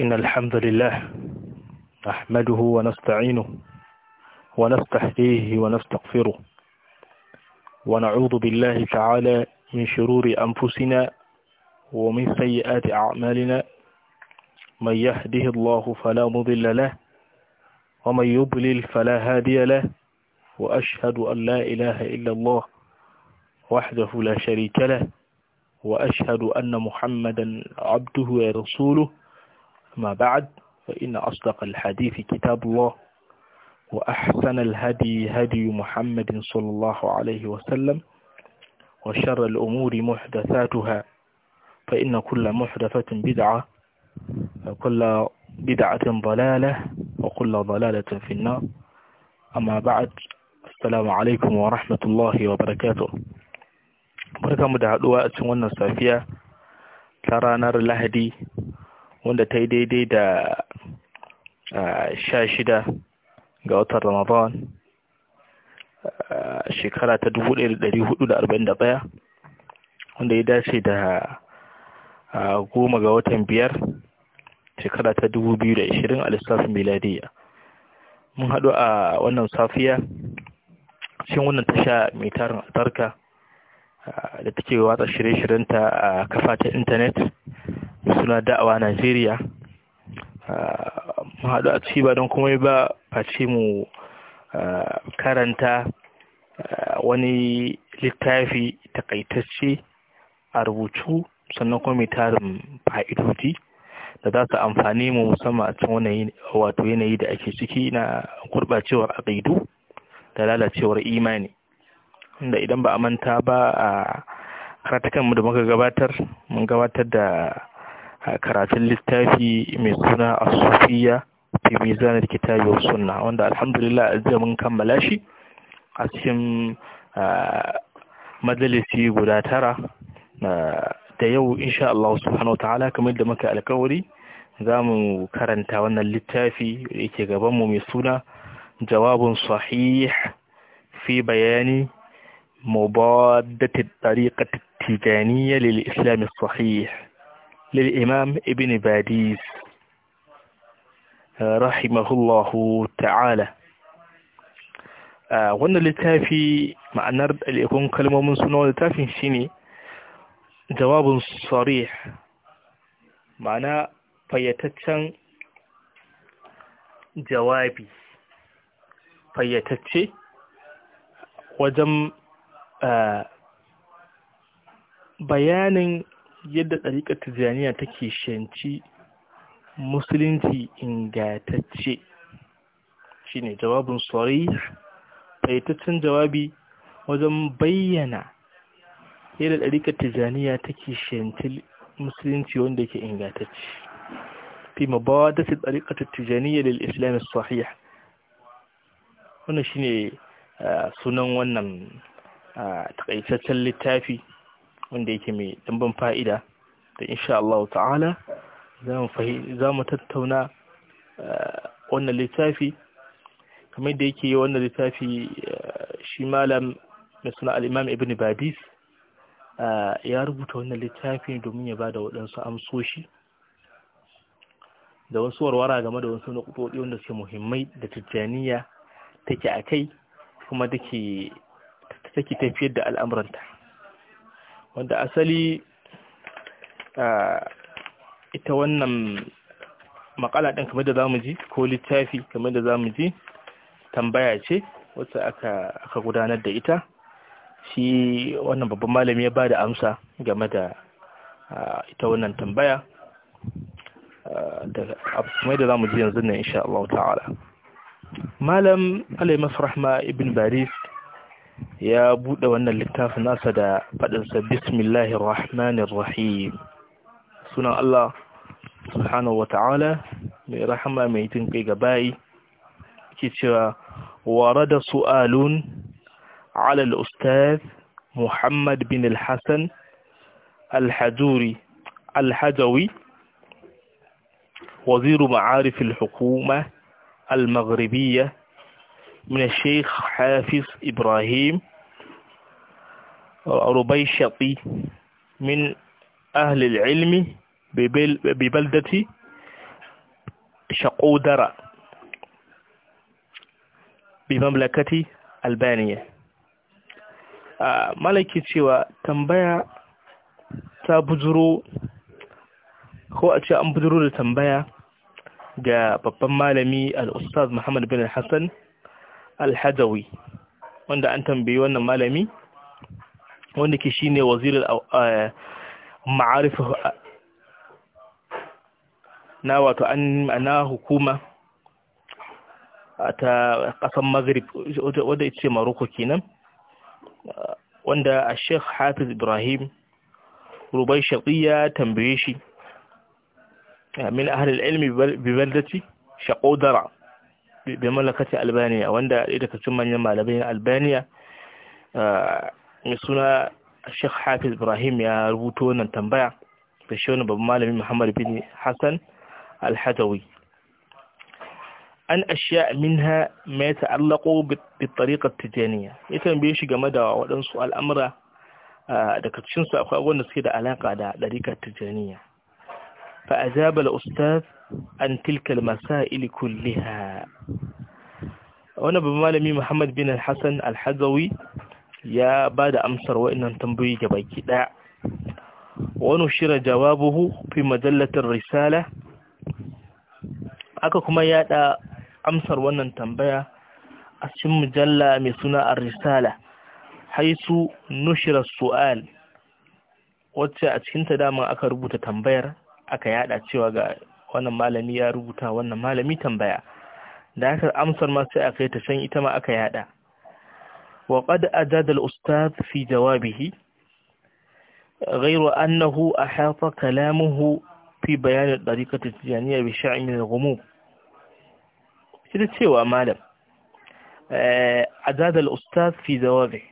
إن الحمد لله نحمده ونستعينه ونستحييه ونستغفره ونعوذ بالله تعالى من شرور أنفسنا ومن سيئات أعمالنا من يهده الله فلا مضل له ومن يضلل فلا هادي له وأشهد أن لا إله إلا الله وحده لا شريك له وأشهد أن محمدا عبده ورسوله أما بعد فإن أصدق الحديث كتاب الله وأحسن الهدي هدي محمد صلى الله عليه وسلم وشر الأمور محدثاتها فإن كل محدثة بدعة وكل بدعة ضلالة وكل ضلالة في النار أما بعد السلام عليكم ورحمة الله وبركاته بركة مدعوة أتمنى السافية ترى نار الهدي wanda ta yi daidai da sha shida ga watan ramadan shekara ta dubu ɗaya da hudu da arba'in da ɗaya, wanda ya dace da goma ga watan biyar shekara ta dubu biyu da 2020 a lissafin miladiya. mun haɗu a wannan safiya shi wannan tasha mai tarin albarka da take watsa shirye-shiryenta a kafa ta intanet suna da'awa Najeriya mu haɗu a ciki ba don kuma ba face mu karanta wani littafi takaitacce a rubutu sannan kuma mai tarin fa'idodi da za su amfani mu musamman a cikin wato yanayi da ake ciki na gurɓacewar aƙidu da lalacewar imani inda idan ba a manta ba a karatakan da muka gabatar mun gabatar da karatun littafi mai suna a sufiya fi mizanin kitabi wa sunna wanda alhamdulillah zai mun kammala shi a cikin majalisi guda tara da yau insha Allah subhanahu ta'ala kamar da muka alkawari za mu karanta wannan littafi da yake gabanmu mai suna jawabun sahih fi bayani مبادة الطريقة التجانية للإسلام الصحيح للإمام ابن باديس آه، رحمه الله تعالى آه، وانا لتافي مع نرد اللي يكون كلمة من سنة تافي شيني جواب صريح معنى فيتتشن جوابي فيتتشي وجم bayanin yadda ɗariƙar tijjaniya take shanci musulunci ingatacce shi ne jawabin sorry faitaccen jawabi wajen bayyana yadda ɗariƙar tijjaniya take shanci musulunci wanda ke ingatacce fi mabawata su ɗariƙar tijjaniya da islamis sahiya wannan shi sunan wannan a takaitaccen littafi wanda yake mai ɗimbin fa'ida da insha Allah ta'ala za mu tattauna wannan littafi kamar da yake wannan littafi shi malam mai suna al'imam ibn Babis, ya rubuta wannan littafi domin ya ba da waɗansu amsoshi da wasu warwara game da wasu nukuɗoɗi wanda suke muhimmai da tijjaniya take a kai kuma take take tafiyar da al'amuranta wanda asali ita wannan makala ɗin kamar da mu ji ko littafi kamar da mu ji tambaya ce wacce aka gudanar da ita shi wannan babban malami ya ba da amsa game da ita wannan tambaya da mai da mu ji yanzu ne insha Allah ta'ala malam alayhi rahma ibn baris ya buɗe wannan littafin nasa da faɗinsa bismillahir rahmanir rahim sunan Allah subhanahu ta'ala mai rahama mai jin kai ga bayi ke cewa warada su'alun ala al-ustaz Muhammad bin al-Hasan al-Hajuri al-Hajawi وزير معارف الحكومة المغربية من الشيخ حافظ إبراهيم ربيشطي من أهل العلم ببلدة شقودرة بمملكة ألبانية آه، ملكي تيوى تنبيع تابدرو هو أتي أمبدرو لتنبيع جاء بابا مالمي الأستاذ محمد بن الحسن الحدوي وانا أنتم بيون مالمي wanda ke shi ne wazirin ma'arifu na wato na hukuma ta ƙasan maghrib wadda ita ce maroko kenan wanda a sheikh hafiz ibrahim rubai shaƙiya tambaye shi min ahalil ilmi bibaldati shaƙodara bi mallakacin albaniya wanda ɗaya daga cin manyan malamai albaniya mai suna Sheikh Hafiz Ibrahim ya rubuto wannan tambaya da shi wani babban malami Muhammad bin Hassan Al-Hadawi an ashiya minha ma ya ta'allaqu bi tariqa tijaniya ya tambaye shi game da waɗansu al'amura daga cikin su akwai wanda suke da alaka da tariqat tijaniya fa ajaba al-ustaz an tilka al-masail kullaha wannan babban malami Muhammad bin Hassan Al-Hadawi ya ba da amsar wa'annan tambayoyi ga baki ɗaya wani shira jawabuhu fi majallatar risala aka kuma yaɗa amsar wannan tambaya a cikin mujalla mai suna a risala haisu nushira su'al wacce a cikinta dama aka rubuta tambayar aka yada cewa ga wannan malami ya rubuta wannan malami tambaya da aka amsar ma sai aka yi ta can ita ma aka yada وقد أجاد الأستاذ في جوابه غير أنه أحاط كلامه في بيان الطريقة التجانية بشع من الغموم كده تسيوى مالم أجاد الأستاذ في جوابه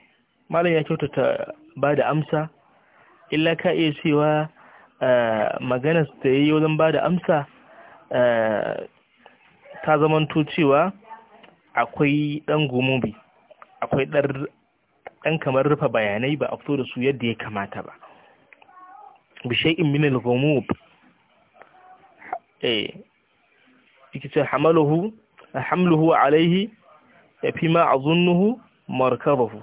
مالم يكوتة بعد أمسى إلا كأي سوى maganar da ya yi wajen ba da amsa ta zamanto cewa akwai ɗan gumubi akwai ɗan kamar rufe bayanai ba a fito da su yadda ya kamata ba bishai in minal gomob eh yake ce hamaluhu hamluhu alaihi ya fi ma a azunnuhu markabahu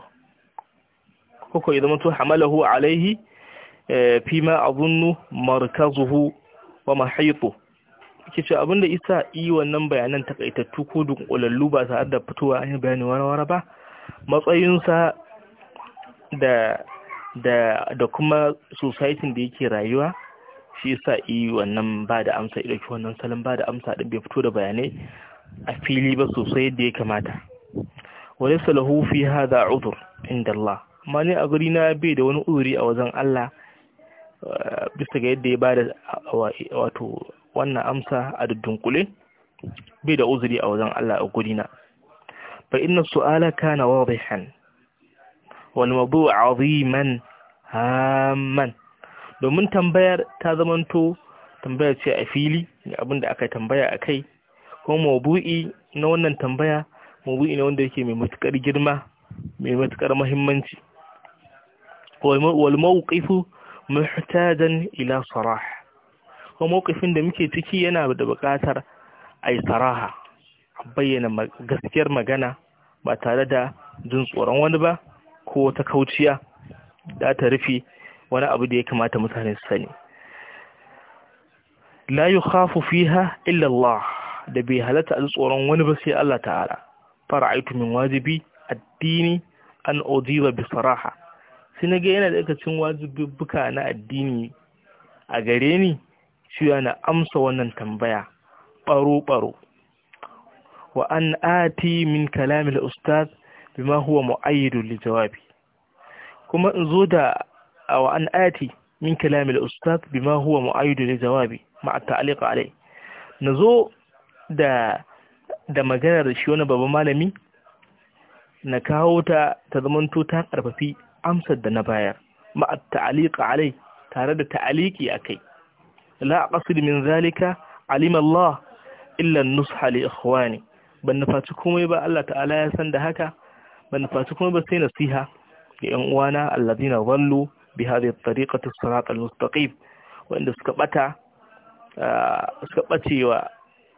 koko zama to hamalahu alaihi eh, fi ma a azunnu markazuhu wa mahitu yake ce abinda isa yi wannan bayanan takaitattu ko dukkan dunkulallu ba tare da fitowa an yi bayani warware ba matsayinsa da da da kuma society da yake rayuwa shi yasa yi e wannan ba da amsa ido ki wannan salon ba da amsa din bai fito da bayanai a fili ba sosai yadda ya kamata wani salahu fi hada udur inda Allah ma ne a guri na bai da wani uzuri a wajen Allah eh, bisa ga yadda ya ba da wato wannan amsa a dudunkule bai da uzuri a wajen Allah a guri na فإن السؤال كان واضحا والموضوع عظيما هاما domin tambayar ta zamanto tambayar ce a fili abinda aka tambaya a kai ko mabu'i na wannan tambaya mabu'i ne wanda yake mai matukar girma mai matukar mahimmanci wal mawqifu muhtajan ila sarah ko mawqifin da muke ciki yana da bukatar ai saraha bayyana gaskiyar magana ba tare da jin tsoron wani ba ko wata kauciya da ta rufe wani abu da ya kamata mutane su sani la yukhafu fiha illa Allah da bai halatta a tsoron wani ba sai Allah ta'ala fara'aitu min wajibi addini an ujiba bi saraha sai ga yana da cikin wajibbuka na addini a gare ni shi yana amsa wannan tambaya baro baro wa an ati min kalamil ustaz bima huwa mu'ayyidun li jawabi kuma in zo da wa an ati min kalamil ustaz bima huwa mu'ayyidun li jawabi ma'a ta'liq alai nazo da da maganar shi wani babban malami na kawo ta ta zamanto ta karfafi amsar da na bayar ma'a ta'liq alai tare da ta'aliki akai la aqsid min zalika alima Allah illa an-nusha li ikhwani ban nufaci komai ba Allah ta'ala ya san da haka ban nufaci komai ba sai nasiha ga ƴan uwana alladina wallu bi hadhihi at-tariqati sirat al-mustaqim wanda suka bata ah, suka bacewa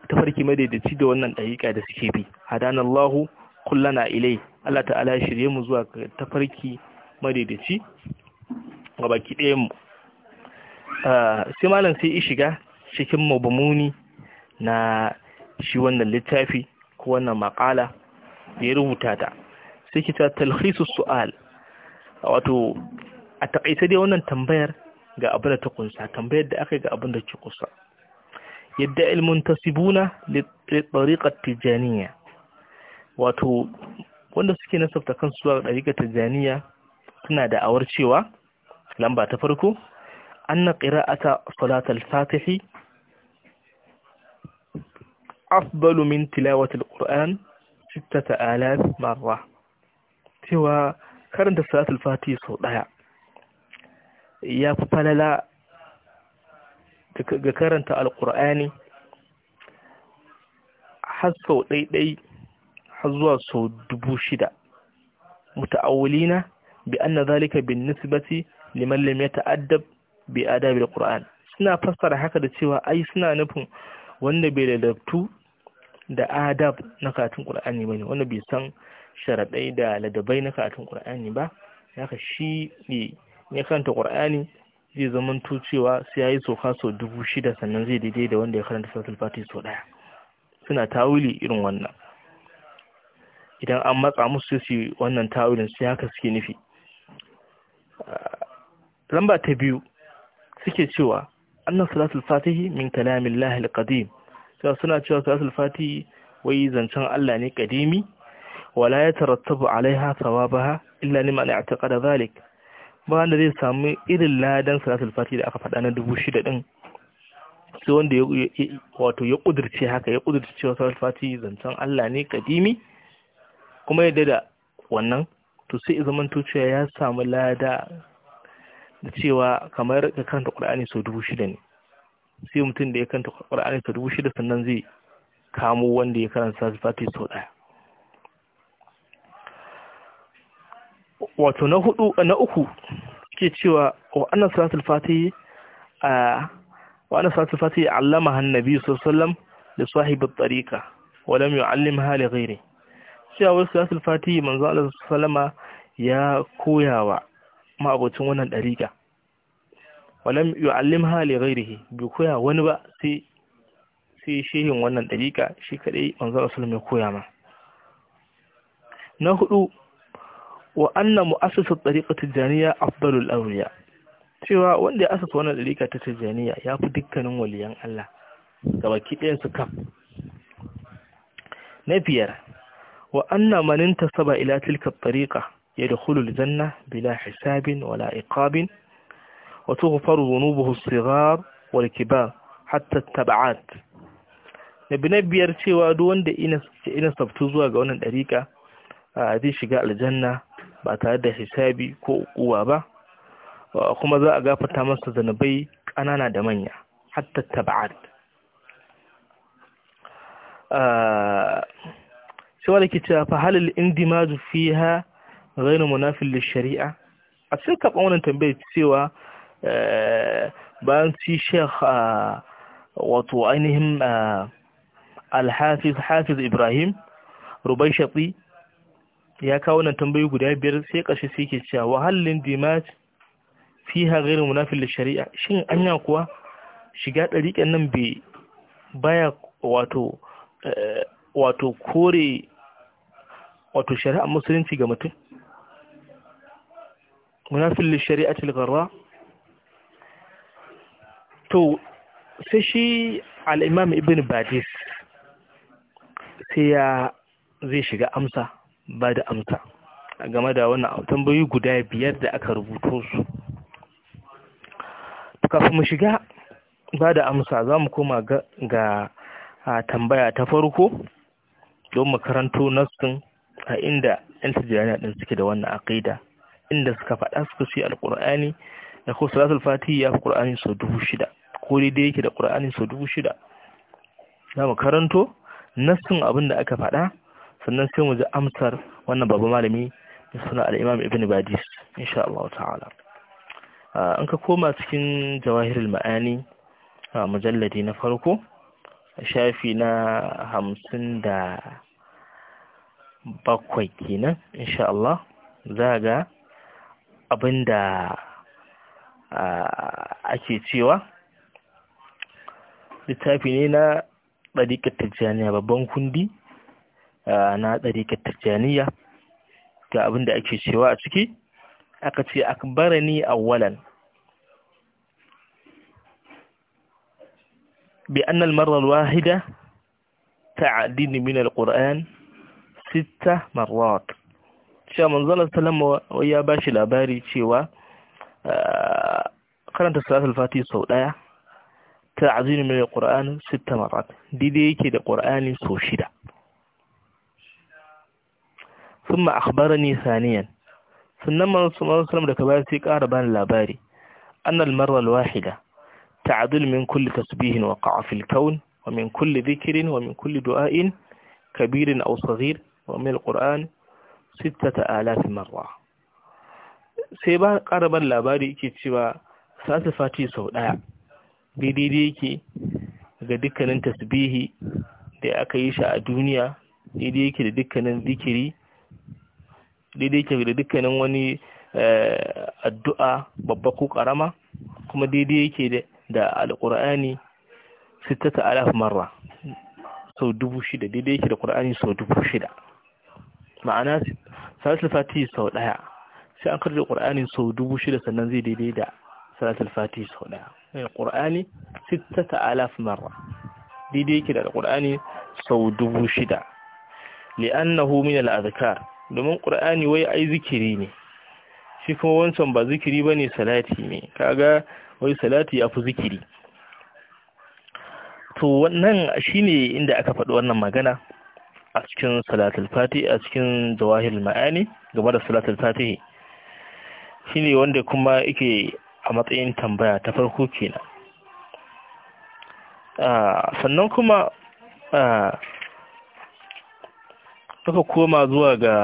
tafarki madaidaici da wannan dariqa da suke bi Allah kullana ilai Allah ta'ala ya shirye mu zuwa tafarki madaidaici ga baki ɗaya mu ah, sai malam sai i shiga cikin mabumuni na shi wannan littafi ko wannan makala ya rubuta ta sai ki ta talhisu su'al wato a takaice dai wannan tambayar ga abin da ta kunsa tambayar da aka yi ga abin da ke kusa yadda ilmuntasibuna da tariqat Tijaniya, wato wanda suke kan suwa zuwa ɗariƙar tijjaniya suna da awar cewa lamba ta farko an anna ata salatul fatihi أفضل من تلاوة القرآن ستة آلاف مرة cewa karanta salatul fati sau ɗaya ya fi falala ga karanta alkur'ani har sau ɗaiɗai zuwa sau dubu shida muta'awulina bi anna zalika bin nisbati liman lam yata'addab bi adabil qur'an suna fassara haka da cewa ai suna nufin wanda bai ladabtu da adab na katun ƙur'ani ba ne wanda bai san sharaɗai da ladabai na katun ƙur'ani ba ka shi ne ya karanta ƙul'ani zai zama cewa sai ya yi soka sau dubu shida sannan zai daidai da wanda ya karanta sautul fatih sau ɗaya suna tawili irin wannan idan an matsa musu su wannan tawilin sai haka suke nufi lamba ta biyu suke cewa annan salatul fatihi min kalamin lahil qadim suna cewa salatul fati wai zancen Allah ne kadimi wala ya tarattabu alaiha sawabaha illa ta kada zalik ba wanda zai samu irin ladan salatul fati da aka faɗa na dubu shida din sai wanda wato ya ƙudurci haka ya kudirce cewa salatul fati zancen Allah ne kadimi kuma yadda da wannan to sai ya zama cewa ya samu lada da cewa kamar ka kanta Qur'ani sau dubu shida ne sai mutum da ya kanta ƙwar'ani ta dubu shida sannan zai kamo wanda ya karanta sifati sau ɗaya wato na hudu na uku ke cewa wa annan salatul fati a wa annan salatul fati allama hannabi Sallam da sahibat tsarika wadda mai yu'allimha hali gairi. cewa wasu salatul fati manzo Allah sallama ya koyawa ma'abocin wannan ɗariƙa. walam yu'allimha li ghairihi bi koya wani ba sai sai shehin wannan dariƙa shi kadai manzo rasul ya koya ma na hudu wa anna mu'assisu tariqa tijaniya afdalul awliya cewa wanda ya asasa wannan dariƙa ta tijaniya yafi dukkanin waliyan Allah gabaki ɗayan su kaf na biyar wa anna man intasaba ila tilka tariqa yadkhulul janna bila hisabin wala iqabin وتغفر ذنوبه الصغار والكبار حتى التبعات نبنا بيار cewa duk wanda ina sabtu zuwa ga wannan dariƙa zai shiga aljanna ba tare da hisabi ko uwa ba kuma za a gafarta masa zanubai ƙanana da manya hatta taba'at sai wanda ke cewa fahalil indimaju fiha na munafil shari'a a cikin kaban wannan tambayar cewa bayan shi sheikh wato ainihin alhafiz hafiz ibrahim rubai shafi ya kawo nan tambayi guda biyar sai kashi sai ke cewa wahallin dimat fi ha gairin munafin shari'a shin anya kuwa shiga ɗariƙen nan bai baya wato wato kore wato shari'a musulunci ga mutum munafin shari'a tilgarra to sai shi al'imam ibn badis sai ya zai shiga amsa ba da amsa game da wannan tambayoyi guda biyar da aka rubuto su kafin mu shiga ba da amsa za mu koma ga tambaya ta farko don makarantu sun a inda 'yan tijjaniya din suke da wannan aƙida inda suka faɗa suka ce alƙur'ani da ko salatul fatihi ya fi ƙur'ani sau dubu shida ko dai yake da ƙur'ani sau dubu shida za mu karanto nassin abin da aka faɗa sannan sai mu ji amsar wannan babu malami da suna al'imam ibn badis insha Allah ta'ala an ka koma cikin jawahirul ma'ani a mujalladi na farko shafi na hamsin da bakwai kenan insha Allah za ga abin da ake cewa littafi ne na ɗariƙar tijjaniya babban kundi na ɗariƙar tijjaniya ga abin da ake cewa a ciki aka ce akbarani awwalan bi annal marar wahida ta'adini min alƙur'an sita marrat cewa manzon salama ya bashi labari cewa karanta salatul fatiha sau daya ta'zim min alquran sita marat dide yake da qur'ani sau shida thumma akhbarani thaniyan sannan manzo sallallahu alaihi wasallam daga baya sai ƙara bani labari anna almarra alwahida ta'dil min kulli tasbihin waqa'a fil kawn wa min kulli dhikrin wa min kulli du'ain kabirin aw saghir wa min alquran 6000 marra sai ba ƙara ban labari yake cewa sa fati sau ɗaya daidai da yake ga dukkanin tasbihi da aka yi shi a duniya daidai yake da dukkanin zikiri daidai yake da dukkanin wani eh, addu'a babba ko ƙarama kuma daidai yake da alƙur'ani ta alaf marra sau dubu shida daidai yake da ƙur'ani sau dubu shida ma'ana salatul fatihi sau ɗaya sai an karɓi ƙur'ani sau dubu shida sannan zai daidai da salatul fati sau ɗaya alƙur'ani sittata alaf marra daidai yake da alƙur'ani sau dubu shida li'annahu min al'azkar domin ƙur'ani wai ai zikiri ne shi kuma wancan ba zikiri bane salati ne kaga wai salati yafi zikiri to wannan shine inda aka faɗi wannan magana a cikin salatul fati a cikin jawahir ma'ani game da salatul fatihi shine wanda kuma yake a matsayin tambaya ta farko kenan ah, sannan kuma suka ah, koma zuwa ga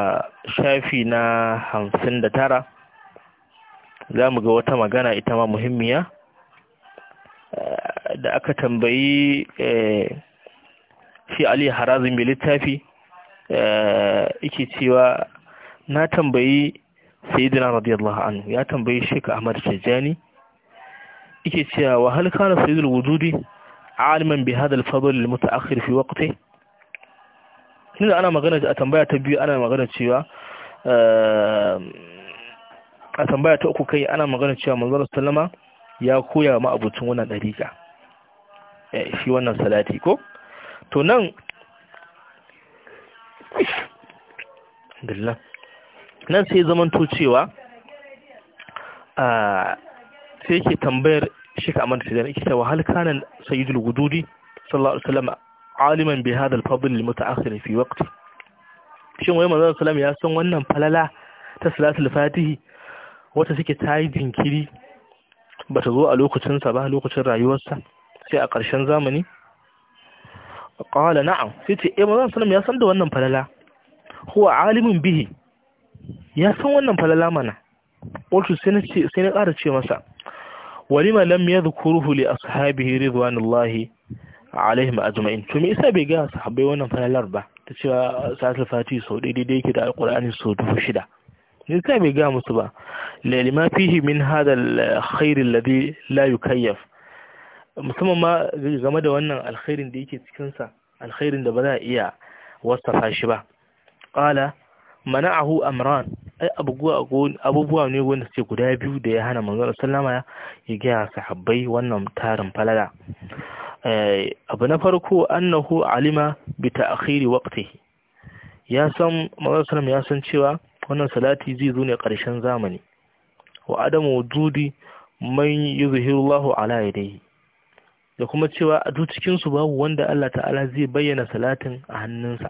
shafi na hamsin da tara za mu ga wata magana ita ma muhimmiya eh, da aka tambayi eh, shi ali harazin mai littafi eh, cewa na tambayi sayyidina radiyallahu anhu ya tambayi shek Ahmad Tijani yake cewa wa hal kana sayyidul wujudi aliman bi hadha al-fadl al-mutaakhir fi waqti tunda ana magana a tambaya ta biyu ana magana cewa eh, a tambaya ta uku kai ana magana cewa manzon sallama ya koya ma abutun wannan eh shi wannan salati ko to nan dillah nan sai zamanto cewa sai yake tambayar shi ka amanta sai yake cewa hal kana sayyidul wududi sallallahu alaihi wasallam aliman bi hadha al-fadl al-muta'akhir fi waqti shin wai manzon sallallahu ya san wannan falala ta salatul fatihi wata suke tayi jinkiri ba ta zo a lokacin sa ba lokacin rayuwarsa sai a ƙarshen zamani qala na'am sai ce eh manzon sallallahu ya san da wannan falala huwa alimun bihi ya san wannan falala mana wato sai na ƙara ce masa walima lam yadhkuruhu li ashabihi ridwanullahi alaihim ajma'in to me isa bai ga sahabbai wannan falalar ba ta cewa salatul fati sau daidai da yake da alqur'ani sau dubu shida ne yasa bai ga musu ba lalima fihi min hada alkhair alladhi la yukayyaf musamman ma game da wannan alkhairin da yake cikinsa, sa alkhairin da ba za a iya wasa shi ba Ƙala. Mana mana'ahu amran ai abubuwa ne wanda suke guda biyu da ya hana manzon sallama ya gaya sahabbai wannan tarin falala eh, abu na farko annahu alima bi ta'khiri waqtihi ya san manzon sallama ya san cewa wannan salati zai zo ne karshen zamani wa adamu wujudi man yuzhirullahu ala dai. da kuma cewa a duk cikin su babu wanda Allah ta'ala zai bayyana salatin a hannunsa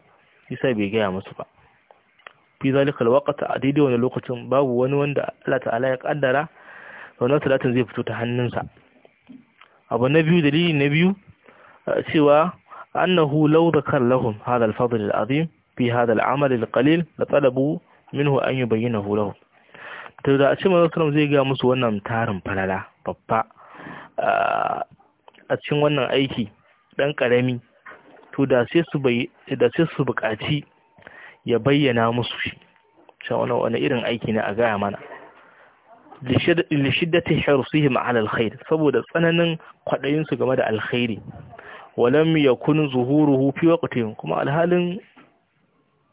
yasa bai gaya musu ba fi zalikal waqta a daidai wani lokacin babu wani wanda Allah ta'ala ya kaddara wannan talatin zai fito ta hannunsa abu na biyu dalili na biyu cewa annahu law zakar lahum hadha al-fadl al-azim fi hadha al-amal al-qalil la talabu minhu an yubayyinahu lahum to da a ce manzon sallam zai ga musu wannan tarin falala babba a cikin wannan aiki dan karami to da sai su bai da sai su buƙaci ya bayyana musu shi shawala wani irin aiki ne a gaya mana lishiddati hirsihim ala Alkhairi, saboda tsananin kwaɗayinsu game da alkhairi walam yakun zuhuruhu fi waqtin kuma alhalin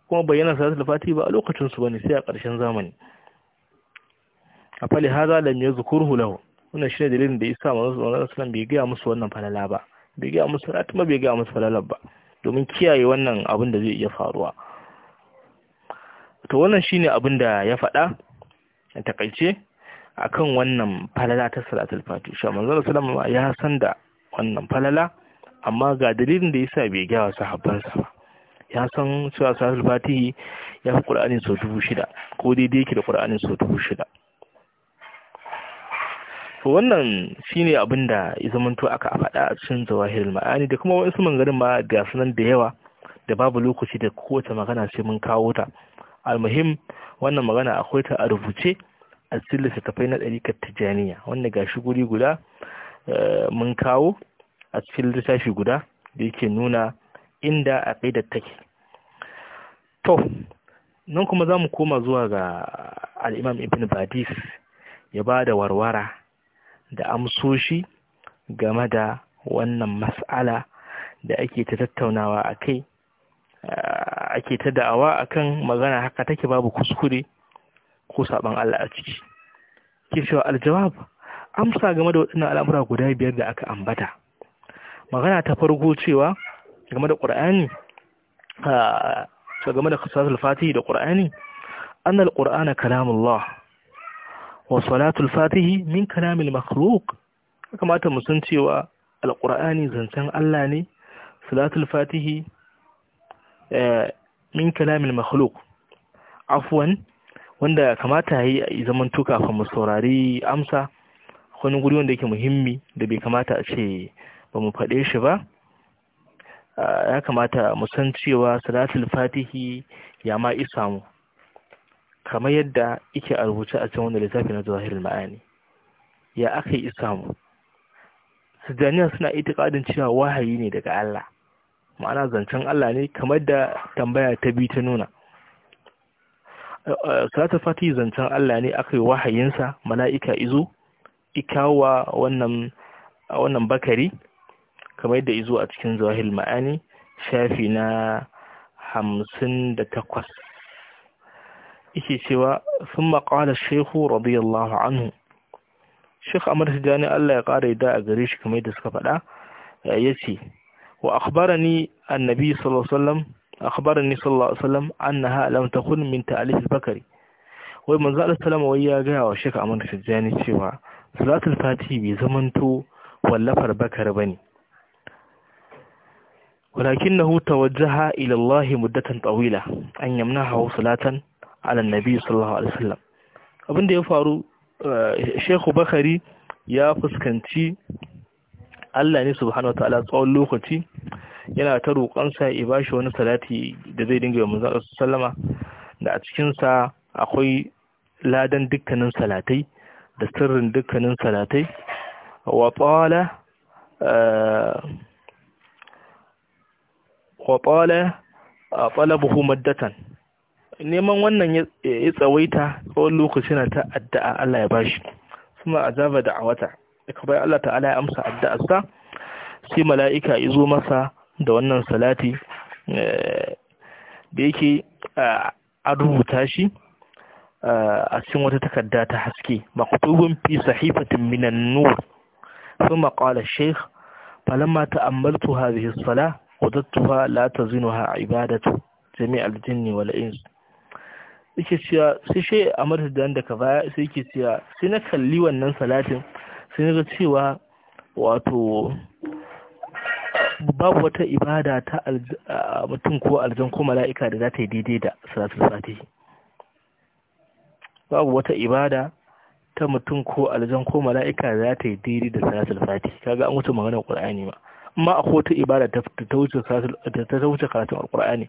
kuma bayyana salatul fati ba a lokacinsu ba ne sai a ƙarshen zamani A afali hadha lam yadhkurhu lahu wannan ne dalilin da Isa manzo sallallahu alaihi wasallam bai ga musu wannan falala ba bai ga musu ratuma bai ga musu falala ba domin kiyaye wannan abin da zai iya faruwa to wannan shine abin da ya faɗa a takaice akan wannan falala ta salatul fatisha manzon salama ya san da wannan falala amma ga dalilin da yasa bai gyawa sahabbansa ba ya san cewa salatul fatihi ya fi qur'ani so dubu shida ko daidai yake da qur'ani so dubu shida to wannan shine abin da ya zamanto aka faɗa a cikin zawahirul ma'ani da kuma wasu mangarin ma ga sunan da yawa da babu lokaci da kowace magana sai mun kawo ta almuhim wannan magana akwai ta a rubuce a cikin littattafai na ɗarikar tijjaniya wanda ga shi guri guda eh, mun kawo a cikin littafi guda da yake nuna inda a ƙaidar take to nan kuma za mu koma zuwa ga al'imam ibn badis ya ba da warwara da amsoshi game da wannan mas'ala da ake ta tattaunawa a kai Eh, ake ta da'awa akan magana haka take babu kuskure ko saban Allah a ciki ke cewa aljawab amsa game da waɗannan al'amura guda biyar da aka ambata magana ta farko cewa game da ƙur'ani eh, game da kasatul fatihi da ƙur'ani annal ƙur'ana kalamullah wa salatul fatihi min kalamil makhluq kamata mu san cewa alƙur'ani zancen Allah ne salatul fatihi min kalamin makhluk afwan wanda kamata yayi yi zaman tuka kafin mu saurari amsa wani guri wanda yake muhimmi da bai kamata a ce ba mu faɗe shi ba ya kamata mu san cewa salatul fatihi ya ma isa mu kamar yadda yake a rubuce a cikin wanda littafi na zahirul ma'ani ya aka yi isa mu suna itikadin cewa wahayi ne daga Allah ma'ana zancen Allah ne kamar da tambaya ta bi ta nuna eh, eh, salatul fati zancen Allah ne aka yi wahayinsa mala'ika izo ikawa wannan wannan bakari kamar yadda izo a cikin zawahil ma'ani shafi na hamsin da takwas yake cewa sun maƙalar shehu radiyallahu anhu shekh amur tijjani allah ya ƙara da a gare shi kamar yadda suka faɗa eh, ya ce وأخبرني النبي صلى الله عليه وسلم أخبرني صلى الله عليه وسلم أنها لم تكن من تأليف البكري ومن زال السلام وإياها وشيك أمر في الزاني سوى صلاة الفاتحة بزمنته واللفر بكر بني ولكنه توجه إلى الله مدة طويلة أن يمنعه صلاة على النبي صلى الله عليه وسلم abin da ya faru shehu bakari ya fuskanci Allah ne subhanahu ta'ala tsawon lokaci yana ta roƙonsa ya ba shi wani salati da zai dinga manzo Allah sallama da a cikin sa akwai ladan dukkanin salatai da sirrin dukkanin salatai wa tsala eh, wa talabuhu maddatan neman wannan ya tsawaita tsawon lokaci na ta a Allah ya bashi a azaba da wata. daga bai Allah ta'ala ya amsa addu'arsa sai mala'ika ya zo masa da wannan salati eh, da yake eh, a rubuta shi eh, a cikin wata takarda ta haske maktubun fi sahifatin minan nur ثم قال الشيخ فلما تأملت هذه الصلاة وجدتها لا تزنها عبادة جميع الجن والإنس yake cewa sai shi a marta da ka baya sai yake cewa sai na kalli wannan salatin sai yi cewa wato babu wata ibada ta mutum ko aljan ko mala'ika da za ta yi daidai da salatul fatih babu wata ibada ta mutum ko aljan ko mala'ika za ta yi daidai da salatul fatih kaga an wuce maganar qur'ani ma amma akwai wata ibada ta ta wuce ta wuce karatun alqur'ani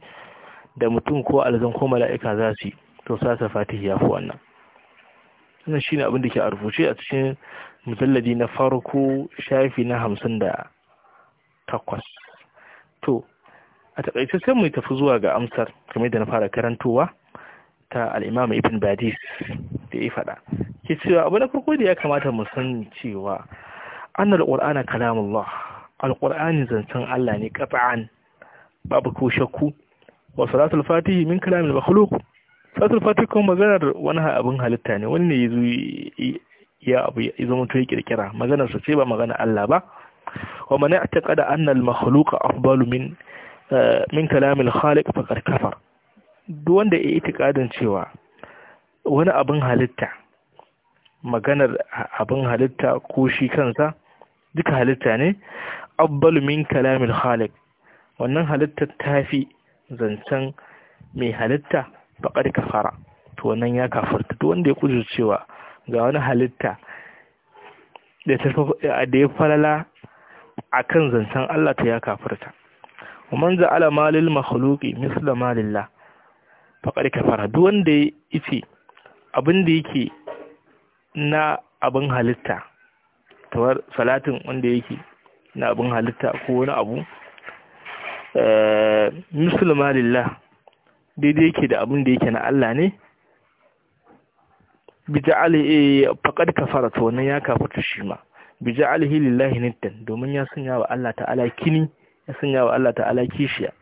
da mutum ko aljan ko mala'ika za su yi to salatul fatih ya fi wannan wannan shine abin da ke a rubuce a cikin mujalladi na farko shafi na hamsin da takwas to a taƙaice sai mu tafi zuwa ga amsar kamar da na fara karantowa ta al'imam ibn badis da ya faɗa ke cewa abu na farko da ya kamata mu san cewa an annal qur'ana kalamullah alqur'ani zancen Allah ne ƙafa'an babu ko shakku wa salatul fatih min kalamin makhluq salatul fatih kuma maganar wani abin halitta ne wani ne yazo ya abu ya zama to ya kirkira maganar sa ce ba magana Allah ba wa man ya anna al-makhluqa afdalu min eh, min kalam al-khaliq faqad kafar duk wanda ya itikadin cewa wani abin halitta maganar abin halitta ko shi kansa duka halitta ne afdalu min kalam al-khaliq wannan halittar tafi zancen mai halitta faqad kafara to wannan ya kafarta duk wanda ya kujurcewa ga wani halitta da ya falala a kan zancen Allah ta ya kafarta za za'ala malil makhluqi misla Faƙar ka kafara duk wanda ce, abin da yake na abin halitta tawar salatin wanda yake na abin halitta ko wani abu eh, musulma malilla daidai yake da abin da yake na Allah ne bija'alihi eh, faqad kafara to wannan ya kafarta shi ma bija'alihi lillahi nittan domin ya sanya wa Allah ta'ala kini ya sanya wa Allah ta'ala kishiya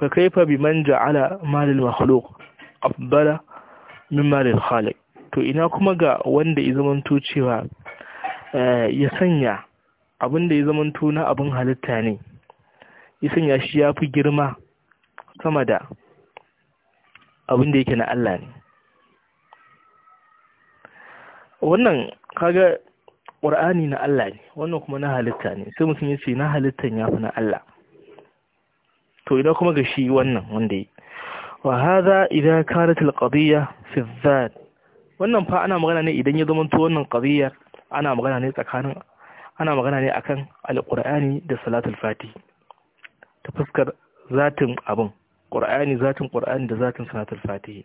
fa kaifa biman ja'ala malil makhluq afdala min malil khaliq to ina kuma ga wanda ya zamanto cewa eh, ya sanya abin da ya zamanto na abin halitta ne ya sanya shi ya fi girma sama da abin da yake na Allah ne wannan kaga ƙur'ani na Allah ne wannan kuma na halitta ne sai mutum ya ce na halittan ya fi na Allah to idan kuma ga shi wannan wanda yi wa haza idan kanat alqadiyya fi dhat wannan fa ana magana ne idan ya zama to wannan qadiyyar ana magana ne tsakanin ana magana ne akan alqur'ani da salatul fati ta fuskar zatin abin qur'ani zatin qur'ani da zatin salatul fatihi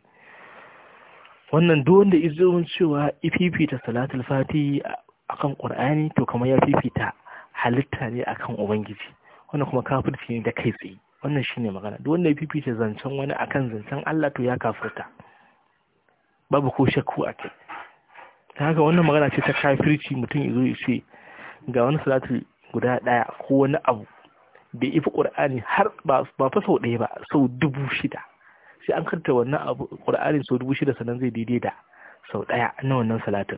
wannan duk wanda izinin cewa ififita salatul fati akan qur'ani to kamar ya fifita halitta ne akan ubangiji wannan kuma kafirci ne da kai tsayi, wannan shine magana duk wanda ya fifita zancen wani akan zancen Allah to ya kafirta babu ko shakku a kai ta haka wannan magana ce ta kafirci mutum izo ya ce ga wani salatu guda daya ko wani abu da ifi qur'ani har ba fa sau ɗaya ba sau dubu shida sai an karta wannan abu ƙur'anin sau dubu shida sannan zai daidai da sau ɗaya na wannan salatin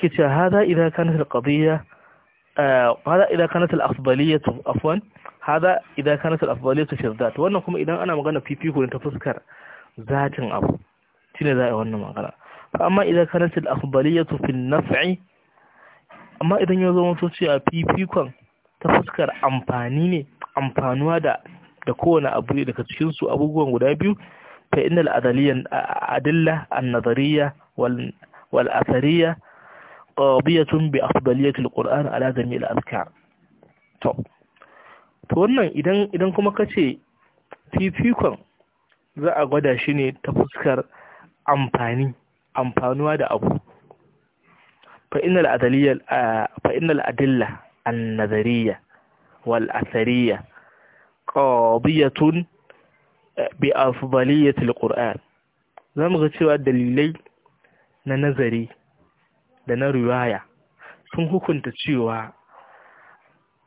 ke cewa haza idan kanat al-qadiyya eh, haza idan kanat al-afdaliyya afwan haza idan kanat al-afdaliyya fi zat wannan kuma idan ana magana fifiko ne ta fuskar zatin abu shine za a wannan magana amma idan kanat al-afdaliyya fi naf'i amma idan ya zo mutu cewa fifikon ta fuskar amfani ne amfanuwa da da kowane abu daga cikin su abubuwan guda biyu fa innal adaliyan adilla an-nazariyya wal wal athariyya qadiyatun bi afdaliyyati al-Qur'an ala jami' al-azkar to to wannan idan idan kuma kace fifikon za a gwada shi ne ta fuskar amfani amfanuwa da abu fa innal adaliyyal fa innal adilla an-nazariyya wal athariyya qadiyatun eh, bi afdaliyatil qur'an zamu ga cewa dalilai na nazari da na riwaya sun hukunta cewa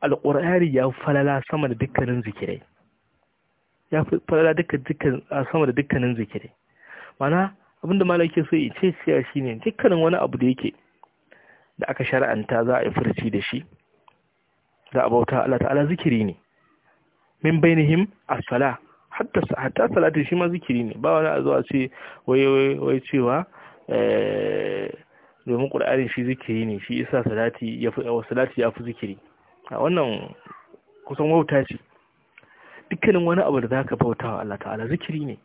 alqur'ani ya falala sama da dukkanin zikirai ya falala dukkan dukkan sama da dukkanin zikirai mana abinda ke so ya ce siya shine dukkanin wani abu da yake da aka shar'anta za a yi furci da shi za a bauta Allah ta'ala zikiri ne min bainihim as-sala hatta hatta salatu shi ma zikiri ne ba wani azuwa zuwa ce wai waye cewa eh, domin qur'ani shi zikiri ne shi isa salati ya fi salati ya fi zikiri a wannan kusan wauta ce dukkanin wani abu da zaka bautawa Allah ta'ala zikiri ne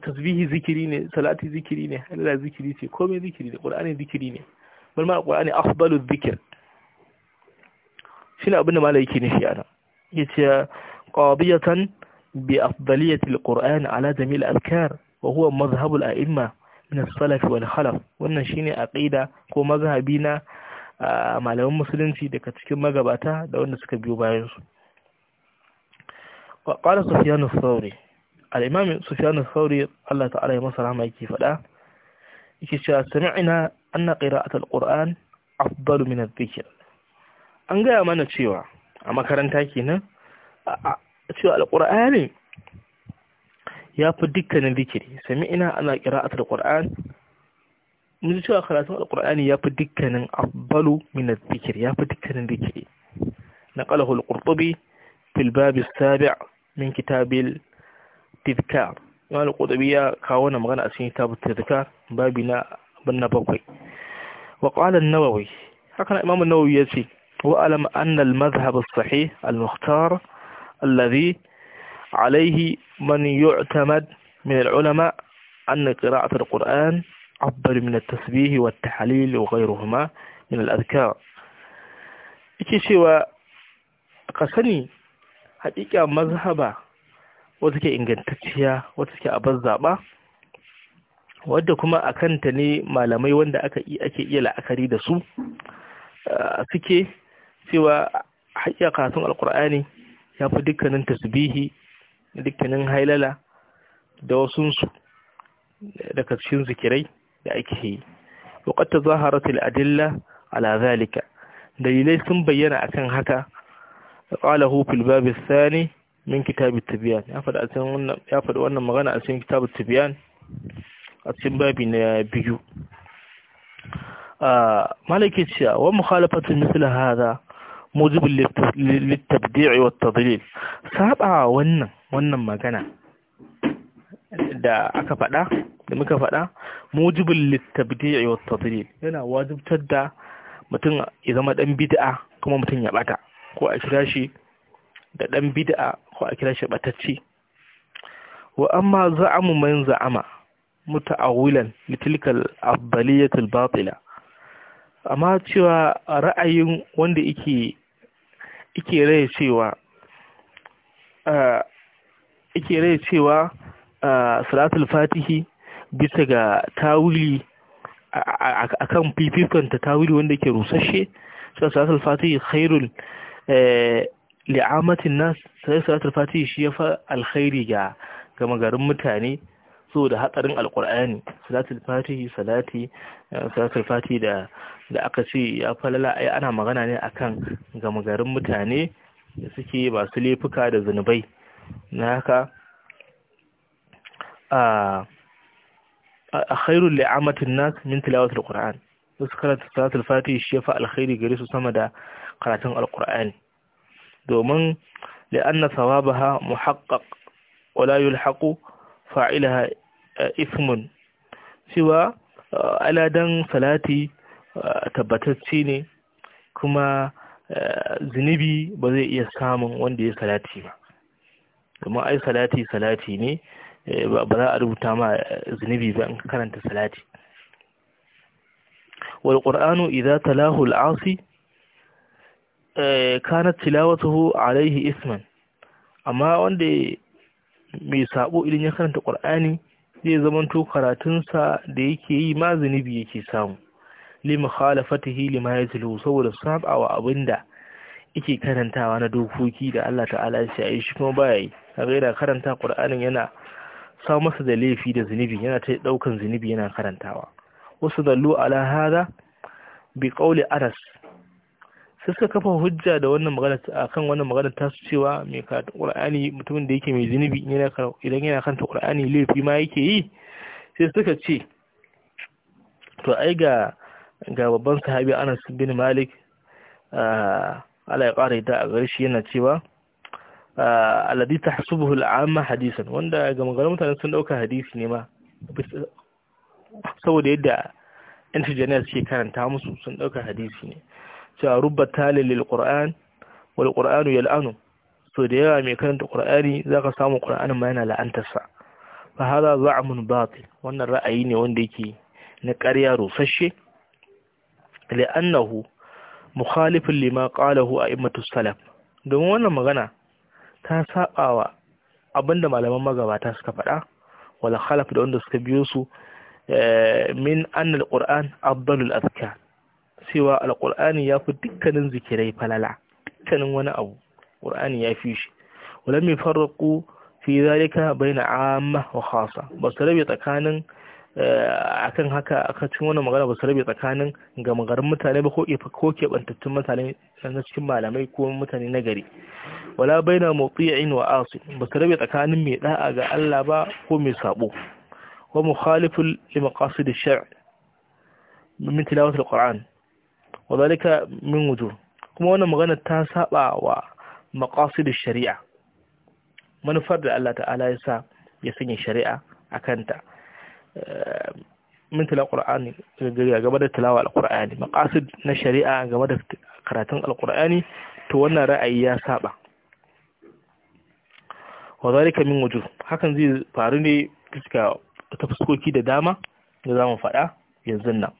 tasbihi zikiri ne salati zikiri ne halala zikiri ce komai zikiri ne qur'ani zikiri ne bal ma qur'ani afdalu dhikr shi ne abin da malai yake shi a yace qadiyatan bi afdaliyati alquran ala jami'il azkar wa huwa madhhabul a'imma min as-salaf wal khalaf wannan shine aqida ko mazhabi na malaman musulunci daga cikin magabata da wanda suka biyo bayan su qala sufyan ath-thawri al-imam sufyan ath-thawri Allah ta'ala ya masa rahama yake fada yake cewa sami'na anna qira'atul qur'an afdalu min adh-dhikr an gaya mana cewa a makaranta kenan a cewa Alƙur'ani ya fi dukkanin zikiri sami ina ana qira'atul qur'an mun cewa karatun Alƙur'ani ya fi dukkanin afdalu min adh ya fi dukkanin zikiri نقله القرطبي في الباب السابع من كتاب التذكار يعني القرطبي كاونا مغانا أسين كتاب التذكار بابنا بن بوكي وقال النووي حقنا Nawawi ya ce. وألم أن المذهب الصحيح المختار الذي عليه من يعتمد من العلماء أن قراءة القرآن أفضل من التسبيح والتحليل وغيرهما من الأذكار yake cewa kasani sani haƙiƙa mazhaba wata ke ingantacciya wata ke abar zaɓa wadda kuma a kanta ne malamai wanda aka ake iya la'akari da su suke cewa haƙiƙa karatun Alƙur'ani. ya fi dukkanin tasbihi dukkanin hailala da wasunsu daga cikin zikirai da ake yi وقد تظاهرت الأدلة على ذلك dalilai sun bayyana akan haka qalahu fil bab Sani min kitabi at-tibyan ya faɗi wannan magana a cikin kitab at-tibyan a cikin babi na biyu ah, malaki cewa wa mukhalafatu misl hadha mujibin littabdi'i wa tadlil saba wannan wannan magana da aka faɗa da muka faɗa mujibin littabdi'i wa tadlil yana wajibtar da mutum ya zama dan bid'a kuma mutum ya bata ko a kira shi da dan bid'a ko a kira shi batacce wa amma za'amu man za'ama muta'awilan litilkal abdaliyatul batila amma cewa ra'ayin wanda yake ike rai cewa ike rai cewa salatul fatihi bisa ga tawili akan fifikanta tawili wanda ke rusashe sai salatul fatihi khairul li'amatin nas sai salatul fatihi shi yafa alkhairi ga gama garin mutane so da hatsarin alkur'ani salatul fatihi salati eh, salatul fatihi da da aka ce ya falala ai ana magana ne akan gama mutane da suke masu laifuka da zunubai na haka a a khairul li'amatin nas min tilawatil qur'an su karanta salatul fatihi shi alkhairi gare su sama da karatun alkur'ani domin li'anna sawabaha muhaqqaq wala yulhaqu fa'ilaha ismun cewa aladan salati tabbatacce ne kuma zunubi ba zai iya samun wanda ya salati ba kuma ai salati salati ne ba za a rubuta ma zunubi ba in karanta salati wal qur'anu idza talahu al asi kanat tilawatuhu alaihi isman amma wanda mai sabo idan ya karanta ƙur'ani. zai zamanto karatunsa da yake yi ma zunubi yake samu lima khalafatihi lima yatlu saboda wa abinda yake karantawa na dokoki da Allah ta'ala ya ayi shi kuma baya yi kaga yana karanta Qur'anin yana sa masa da laifi da zunubi yana ta daukan zunubi yana karantawa wasu dallu ala hada bi qawli aras sai suka kafa hujja da wannan magana akan wannan magana ta su cewa mai karatu Qur'ani mutumin da yake mai zunubi idan yana karanta Qur'ani laifi ma yake yi sai suka ce to ai ga babban sahabi Anas bin Malik Allah ya ƙara ita a gare shi yana cewa alladhi tahsubuhu al-amma hadisan wanda ga maganar mutane sun dauka hadisi ne ma saboda yadda yan ke suke karanta musu sun dauka hadisi ne cewa rubba talil lil qur'an wal qur'anu yal'anu so da yawa mai karanta qur'ani zaka samu qur'anin ma yana la'antarsa fa hada za'mun batil wannan ra'ayi ne wanda yake na ƙarya rusasshe li'annahu mukhalifun lima a a'immatu salaf domin wannan magana ta sabawa abinda malaman magabata suka faɗa wala khalaf da wanda suka biyo su eh, min annal qur'an afdalul azkar cewa alƙur'ani ya fi dukkanin zikirai falala dukkanin wani abu ƙur'ani ya fi shi wala mai farraku fi bai na amma wa hasa ba su rabe tsakanin eh, a kan haka a kacin wani magana ba su rabe tsakanin magarin mutane ba ko keɓantattun mutane na cikin malamai ko mutane na gari wala bai na baina a wa asu ba su rabe tsakanin mai da'a ga Allah ba ko mai sabo wa mukhalifun limakasu da ash-shar' wata da ƙwar'an Wazalika min wujur kuma wannan magana ta saba wa maqasid shari'a manufar da Allah ta'ala ya sa ya sanya shari'a akan ta min qur'ani qur'ani gaba da tilawa alqur'ani maqasid na shari'a gaba da karatun alqur'ani to wannan ra'ayi ya saba wadalika min wujur hakan zai faru ne fiska ta fuskoki da dama da zamu fada yanzu nan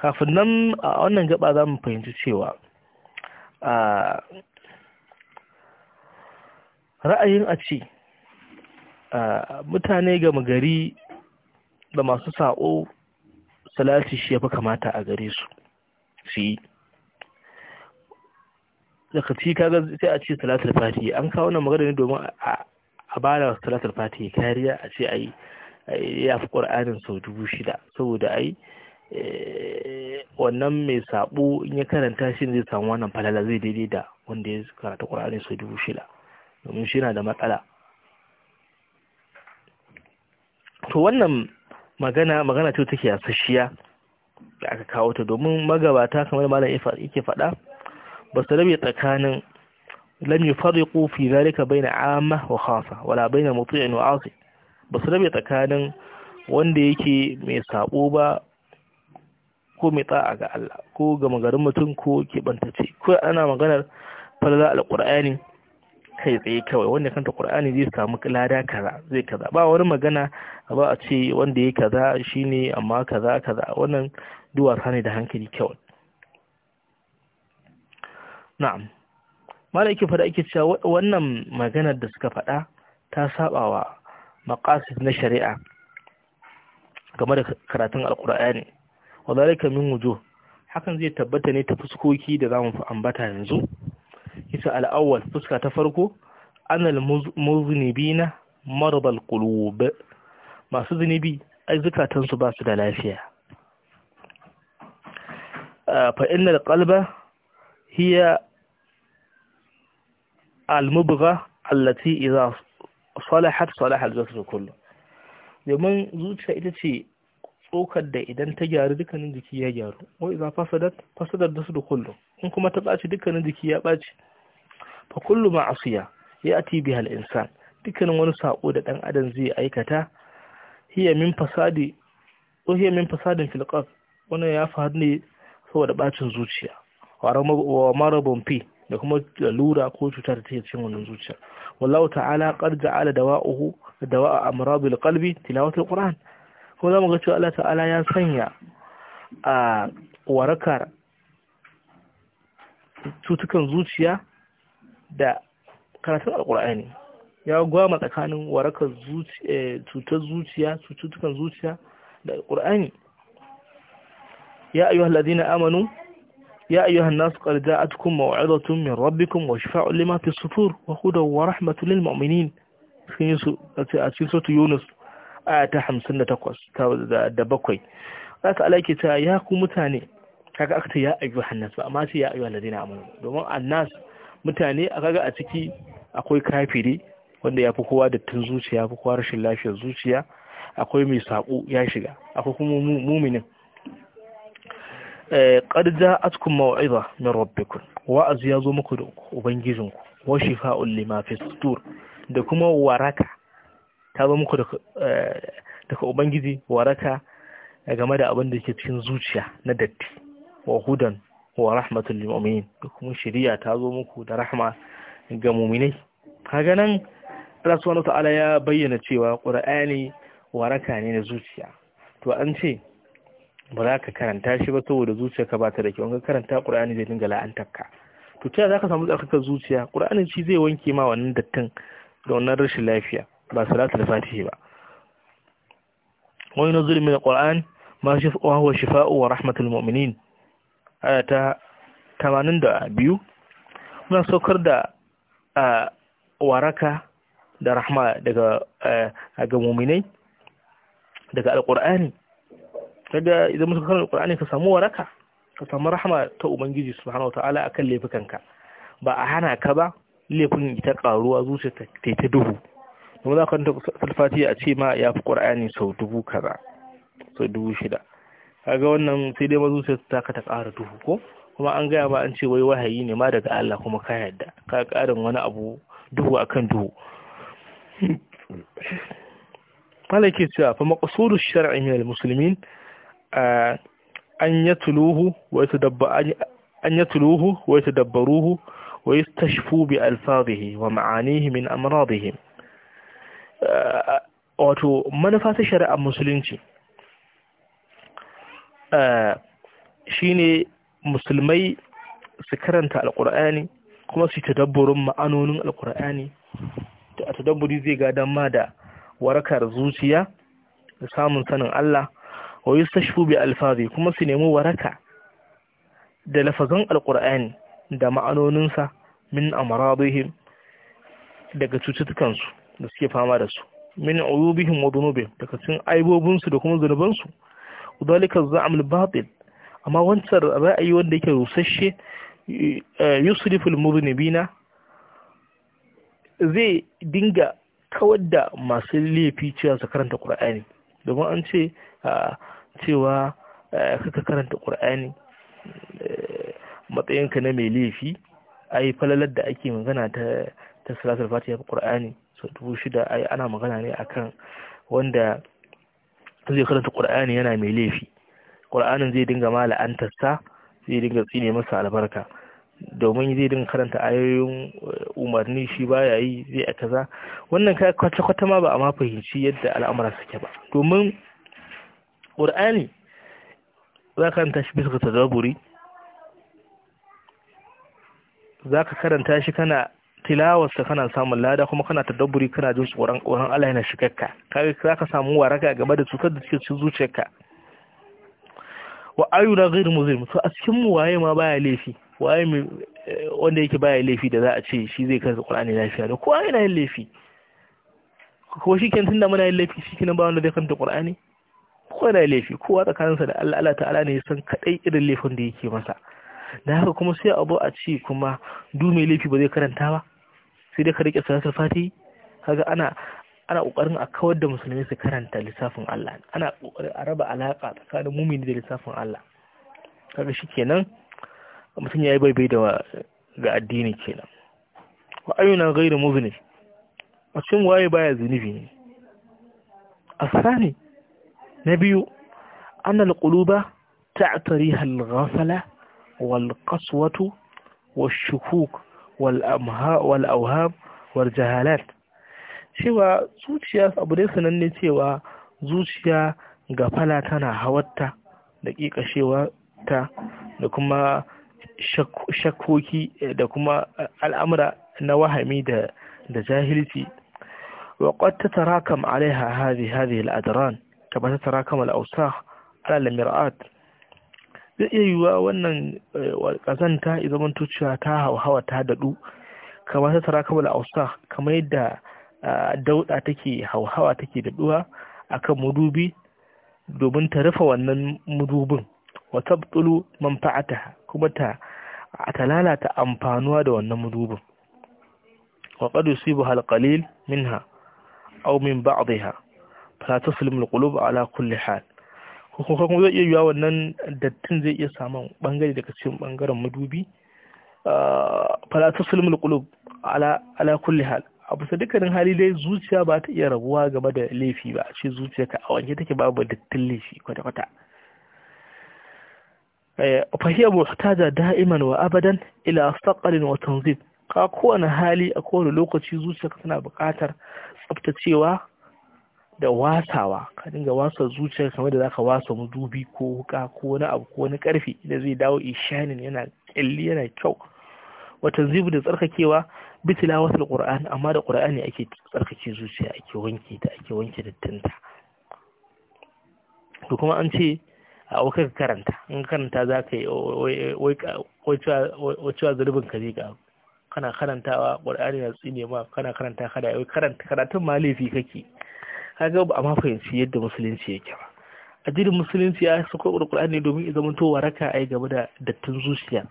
kafin nan a wannan gaba za mu fahimci cewa a ra'ayin a ce mutane gama gari da masu sa'o salati shi ya fi kamata a gare su su yi daga ci kaga sai a ce salatar fati an kawo wannan magana ne domin a bada salatar fati kariya a ce yi ya fi ƙur'anin sau dubu shida saboda ai Eh, wannan mai sabo in ya karanta shi zai samu wannan falala zai daidai da wanda ya karanta ƙwararri sau dubu shida domin shi na da matsala to wannan magana magana ce take sashiya da aka kawo ta domin magabata kamar malam yake faɗa ba su rabe tsakanin lam yufarriqu fi bai na amma wa khasa wala baina muti'in wa asi ba su rabe tsakanin wanda yake mai sabo ba ko mai ta'a ga Allah ko ga magarin mutum ko keɓantace ko ana maganar falala alƙur'ani kai tsaye kawai wanda kanta ƙur'ani zai samu lada kaza zai kaza ba wani magana ba a ce wanda ya kaza shine amma kaza kaza wannan duwasa ne da hankali kawai na'am malai ke fada ake cewa wannan maganar da suka faɗa ta sabawa maqasid na shari'a game da karatun alƙur'ani wadalika min wujuh hakan zai tabbata ne ta fuskoki da zamu fi ambata yanzu isa al-awwal fuska ta farko anal muznibina maradal qulub masu zunubi ai zukatan su ba su da lafiya fa innal qalba hiya al-mubgha allati idha salahat salaha al-jasad kullu domin zuciya ita ce tsokar da idan ta gyaru dukkanin jiki ya gyaru wai za fasadat fasadat da da kullu in kuma ta ɓaci dukkanin jiki ya ɓaci fa kullu ma asiya ati bi hal insan dukkanin wani sako da dan adam zai aikata hiya min fasadi ko hiya min fasadin fil qalb wannan ya faru ne saboda bacin zuciya wa marabun fi da kuma lura ko cutar da take cikin wannan zuciya wallahu ta'ala qad ja'ala dawa'uhu dawa'a amradil qalbi tilawatul qur'an ko za mu ga cewa Allah ta'ala ya sanya a warakar tutukan zuciya da karatun alkur'ani ya gwama tsakanin warakar eh, cutar zuciya cututtukan zuciya da alkur'ani ya ayyuhu alladhina amanu ya ayyuhan nas qad ja'atkum maw'izatun min rabbikum wa shifa'un lima fi sudur wa hudaw wa rahmatun lil mu'minin sun yusu a cikin yunus aya ta hamsin da takwas da bakwai za ka alaƙi ta ya ku mutane kaga aka ta ya ayyuwa hannas ba amma sai ya ayyuwa ladina amanu domin annas mutane a kaga a ciki akwai kafiri wanda ya fi kowa dattin zuciya fi kowa rashin lafiyar zuciya akwai mai saƙo ya shiga akwai kuma muminin eh, qad ja'atkum mawa'iza min a wa'az yazo muku da ubangijinku wa shifa'un lima fi sutur da kuma waraka ta zo muku eh, daga ubangiji waraka game da abin da ke cikin zuciya na datti wa hudan wa rahmatul lil da kuma shari'a ta zo muku da rahma ga mu'minai kaga nan Allah subhanahu ta'ala ya bayyana cewa Qur'ani waraka ne na zuciya to an ce ba za ka karanta shi ba saboda ka ba ta da kyau in ka karanta Qur'ani zai dinga la'antarka to ta za ka samu tsarkakar zuciya Qur'anin shi zai wanke ma wannan dattin da wannan rashin lafiya ba salatu da fatihi ba wani nazuri mai alquran ma shi wa huwa shifa'u wa rahmatul mu'minin a ta biyu muna saukar da waraka da rahma daga ga mu'minai daga alqur'ani daga idan muka karanta alqur'ani ka samu waraka ka samu rahma ta ubangiji ala a akan laifukanka ba a hana ka ba laifin ita ƙaruwa, zuciya ta ta duhu to za ka a ce ma ya fi ƙur'ani sau dubu kaza sau dubu shida kaga wannan sai dai mazuciya ta ka ta ƙara duhu ko kuma an gaya ma an ce wai wahayi ne ma daga Allah kuma ka yarda ka ƙarin wani abu duhu akan duhu malaki cewa fa maqsudu shar'i min al-muslimin an yatluhu wa yatadabbaru an yatluhu wa yatadabbaruhu wa yastashfu bi alfazihi wa ma'anihi min amradihim Eh, wato manufa ta shari'ar musulunci eh, shi ne musulmai su karanta alkur'ani kuma su ta dabburin ma'anonin alkur'ani a ta dabburi zai gadan ma da warakar zuciya da samun sanin Allah wa yustashfu shubi alfazi kuma su nemi waraka da lafazan alkur'ani da ma'anoninsa min amara daga cututtukansu da suke fama da su min uyubihim wa dhunubihim daga cikin aibobinsu da kuma zunubansu udalika za'am batil amma wancan ra'ayi wanda yake rusasshe yusrifu al-mudhnibina zai dinga kawar da masu laifi cewa su karanta qur'ani domin an ce cewa kaka karanta qur'ani eh, matsayinka na mai laifi ai falalar da ake magana ta ta salatul fatiha qur'ani shida ai ana magana ne akan wanda zai karanta qur'ani yana mai laifi qur'anin zai dinga ma la'antarsa zai dinga tsine masa albarka domin zai dinga karanta ayoyin eh, umarni shi baya yi zai a kaza wannan kai kwata kwata ma ba a ma fahimci yadda al'amura suke ba domin qur'ani za ka karanta shi bisa tadabburi za ka karanta shi kana tilawarsa kana samun lada kuma kana dabburi kana jin tsoron tsoron Allah yana shigarka kai za ka samu waraka game da cutar da cikin zuciyarka wa ayyuna ghairu muzlim to a cikin mu waye ma baya laifi waye mai eh, wanda yake baya laifi da za a ce shi zai karanta Qur'ani lafiya da kowa yana yin laifi ko shi kenan tunda muna yin laifi shi kenan ba wanda zai kanta Qur'ani kowa yana yin laifi kowa tsakaninsa da Allah Allah ta'ala ne ya san kadai irin laifin da yake masa da haka kuma sai abu a ce kuma du mai laifi ba zai karanta ba sai dai ka rike salatul fati kaga ana ana kokarin a kawar da musulmi su karanta lissafin Allah ana kokarin a raba alaka tsakanin mumini da lissafin Allah kaga shikenan mutum yayi baibai da ga addini kenan wa ayyuna ghairu muzni mutum waye baya zunubi ne asani na biyu anna alquluba ta'tariha alghafala wal qaswatu wa shukuk wal auham wal jahalat cewa zuciya abu dai sananne cewa zuciya fala tana hawarta da ƙiƙashewa ta da kuma shakkoki da kuma al'amura na wahami da jahilci وقد تتراكم عليها هذه هذه الأدران ta تتراكم الأوساخ alal المرآة zai iya yiwuwa wannan kazanta eh, ya zama cewa ta hauhawa ta daɗu kamar ta tarakabal ausa kamar yadda dauɗa take hauhawa take daɗuwa akan mudubi domin ta rufe wannan mudubin wa tabtulu manfa'ataha kuma ta ta lalata amfanuwa da wannan mudubin wa qad yusibu hal qalil minha au min ba'dihha fala taslimu al qulub ala kulli hal kuma kuma zai iya yiwuwa wannan dattin zai iya samun bangare daga cikin bangaren madubi ah, fala ta qulub ala ala kulli hal a bisa dukkanin hali dai zuciya ba ta iya rabuwa game da laifi ba ce zuciya ka a wanke take babu dattin laifi kwata kwata eh, fahiya muhtaja da'iman wa abadan ila astaqalin wa tanzib ka kowane hali a kowane lokaci zuciya tana buƙatar tsaftacewa da wasawa ka dinga wasa zuciyar kamar da ka wasa mudubi ko wuka ko wani abu ko wani karfe da zai dawo ishanin yana kyalli yana kyau wata zibu da tsarkakewa bitila wasu qur'an amma da qur'ani ake tsarkake zuciya ake wanke ta ake wanke dattinta to kuma an ce a ka karanta in karanta za ka yi wacewa zurbin ka zai gabu kana karantawa ƙwararri na tsine ma kana karanta kada karanta karatun ma laifi kake kaga ba a ma fahimci yadda musulunci yake ba addinin musulunci ya sako alkur'ani domin ya zama to waraka ai game da dattin zuciya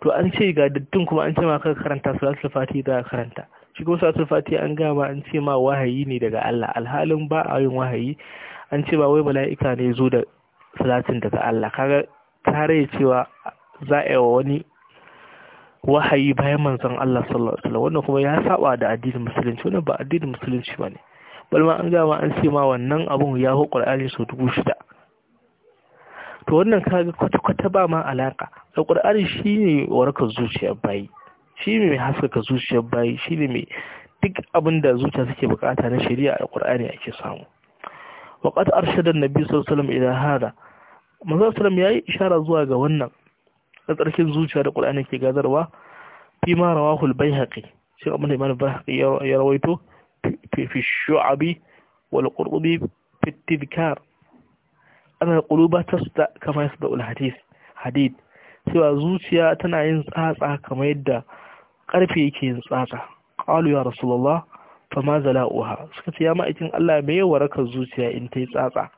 to an ce ga dattin kuma an ce ma ka karanta suratul Fati da karanta shi kuma su Fati an ga ma an ce ma wahayi ne daga Allah alhalin ba a yin wahayi an ce ba wai mala'ika ne zo da salatin daga Allah kaga tare cewa za a yi wani wahayi bayan manzon Allah sallallahu alaihi wasallam wannan kuma ya saba da addinin musulunci wannan ba addinin musulunci bane balma an gama an ce ma wannan abun ya hu ƙwar'ani sau dubu shida to wannan kaga kwata-kwata ba ma alaƙa da ƙwar'ani shi ne zuciyar bayi shi ne mai haskaka zuciyar bayi shi ne mai duk abin da zuciya suke bukata na shari'a a ƙwar'ani ake samu waƙat arshadan nabi sallallahu alaihi wasallam ila hada manzo sallam yayi ishara zuwa ga wannan da tsarkin zuciya da Qur'ani ke gazarwa fi ma rawahul al-Baihaqi shi imanin bai baihaqi ya rawaito في الشعب والقرب في التذكار أن القلوب تصدأ كما يصدأ الحديث حديد سوى زوجيا تنا ينصاصا كما يدى ƙarfe yake yin tsatsa ƙalu ya rasulullah fa ma zala'uha suka ce ma'aikin Allah me ya warakar zuciya in ta yi tsatsa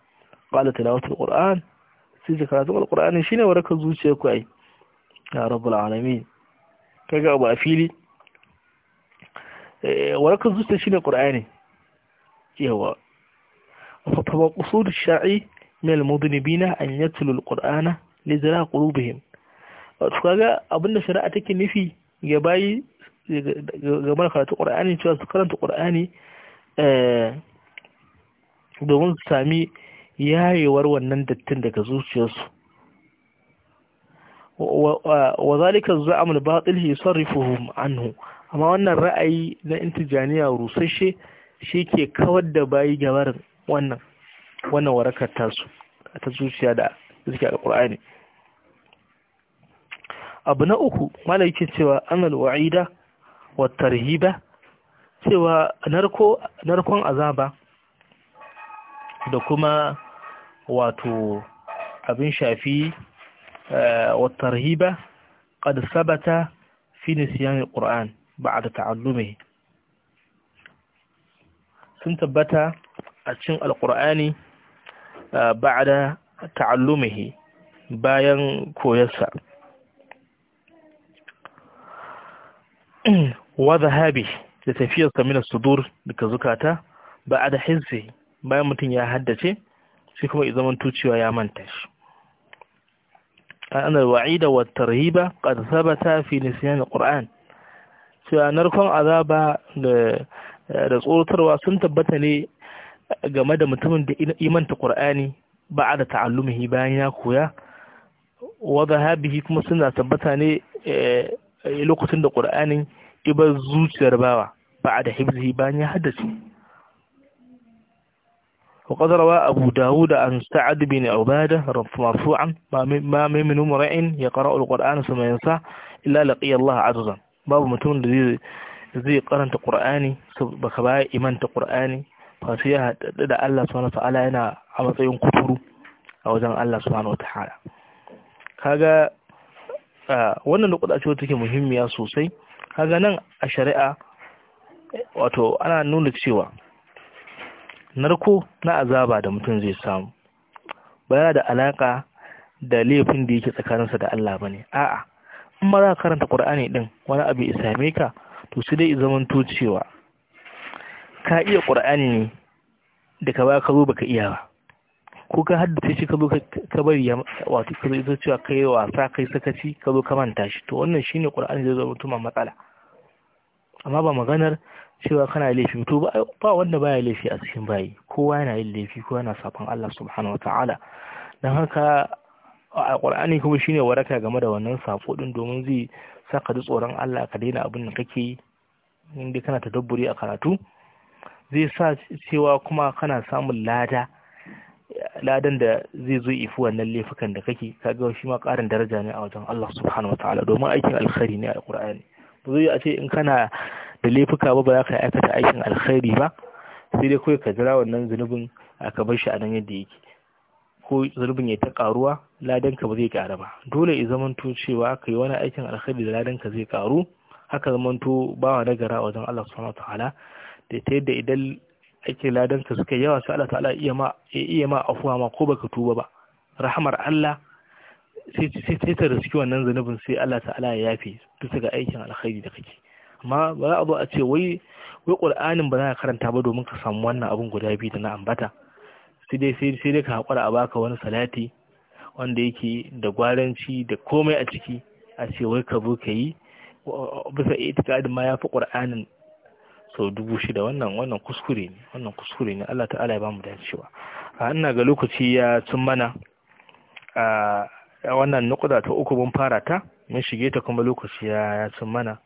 ƙala tilawatul qur'an sai da karatun alqur'ani shine warakar zuciya ku ai ya rabbul alamin kaga abu a fili Eh, warakar zuciya shine qur'ani yawa fa tawaqqusul sha'i min al-mudnibina an yatlu al-qur'ana li zira qulubihim to kaga abinda shari'a take nufi ga bayi ga mara karatu qur'ani cewa su karanta qur'ani eh, domin su sami yayewar wannan dattin daga zuciyarsu wa zalika za'amul batil yusarrifuhum anhu amma wannan ra'ayi na intijaniya rusasshe shi ke kawar da bayi gabar wannan wannan warakar tasu ta zuciya da zuciya da ƙur'ani abu na uku malaikin cewa anal wa'ida wa tarhiba cewa narkon azaba da kuma wato abin shafi eh, wa tarhiba qad sabata fi nisyan alquran بعد تعلمه sun tabbata a cikin alkur'ani ba da ta'allumihi bayan koyarsa wa zahabi da tafiyarsa mina sudur daga zukata ba da hizzi bayan mutum ya haddace shi kuma izaman tuciwa ya manta shi an alwa'ida wa tarhiba qad thabata fi cewa narkon azaba da da tsoratarwa sun tabbata ne game da mutumin da imanta qur'ani ba da ta'allumihi bayan ya koya wa zahabihi kuma suna tabbata ne lokacin da qur'anin ibar zuciyar bawa ba da hibzihi bayan ya haddace وقد روى أبو داود عن سعد بن عبادة مرفوعا ما من امرئ يقرأ القرآن ثم ينسى إلا لقي الله عززا babu mutum da zai karanta qur'ani baka baya imanta qur'ani fa sai ya haɗu da Allah subhanahu wataala yana a matsayin kuturu a wajen Allah subhanahu wataala kaga wannan da kudace take muhimmiya sosai kaga nan a shari'a wato ana nuna cewa narko na azaba da mutum zai samu ba da alaƙa da laifin da yake tsakaninsa da Allah bane a'a ma za ka karanta ƙur'ani ɗin wani abu ya same ka to su dai zaman to cewa ka iya ƙur'ani ne da ka ba ka zo baka iya ba ko ka haddace shi ka zo ka bari ya wato ka zo cewa ka yi wasa kai sakaci ka zo ka manta shi to wannan shine ƙur'ani zai zama tuma matsala amma ba maganar cewa kana laifi to ba wanda baya laifi a cikin bayi kowa yana yin laifi kowa yana sabon Allah subhanahu wataala dan haka a ƙwar'ani kuma shi ne waraka game da wannan safo ɗin domin zai sa ka ji tsoron Allah ka daina abin da kake yi inda kana dabburi a karatu zai sa cewa kuma kana samun lada ladan da zai zo ifi wannan laifukan da kake kaga shi ma ƙarin daraja ne a wajen Allah subhanahu wataala domin aikin alkhairi ne a ƙwar'ani ba zai a ce in kana da laifuka ba ba za ka aikata aikin alkhairi ba sai dai kawai ka jira wannan zunubin a ka bar shi a nan yadda yake ko zanubin ya ta karuwa ladanka ba zai kara ba dole ya zamanto cewa ka yi wani aikin alkhairi da ladanka zai karu haka zamanto bawa nagara wajen Allah subhanahu ta'ala da ta yadda idan aikin ladanka suka yawa sai Allah ta'ala iya ma iya ma afuwa ma ko baka tuba ba rahmar Allah sai sai ta riski wannan zanubin sai Allah ta'ala ya yafe duk ga aikin alkhairi da kake amma ba za a zo a ce wai wai Qur'anin ba za ka karanta ba domin ka samu wannan abun guda biyu da na ambata sai dai sai dai ka haƙura a baka wani salati wanda yake da gwaranci da komai a ciki a ce wai ka zo ka yi bisa itikadi ma ya fi qur'anin sau dubu shida wannan wannan kuskure ne wannan kuskure ne Allah ta'ala ya ba dacewa a ina ga lokaci ya cin mana a wannan nukuda ta uku mun fara ta mun shige ta kuma lokaci ya cin mana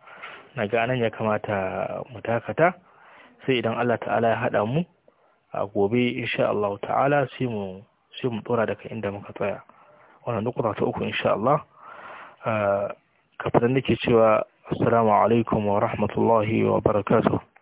na ga nan ya kamata mu dakata sai idan Allah ta'ala ya haɗa mu a gobe insha Allah ta'ala sai mu sai mu dora daga inda muka tsaya wannan nukuta ta uku insha Allah ah, kafin nake cewa assalamu alaikum wa rahmatullahi wa barakatuh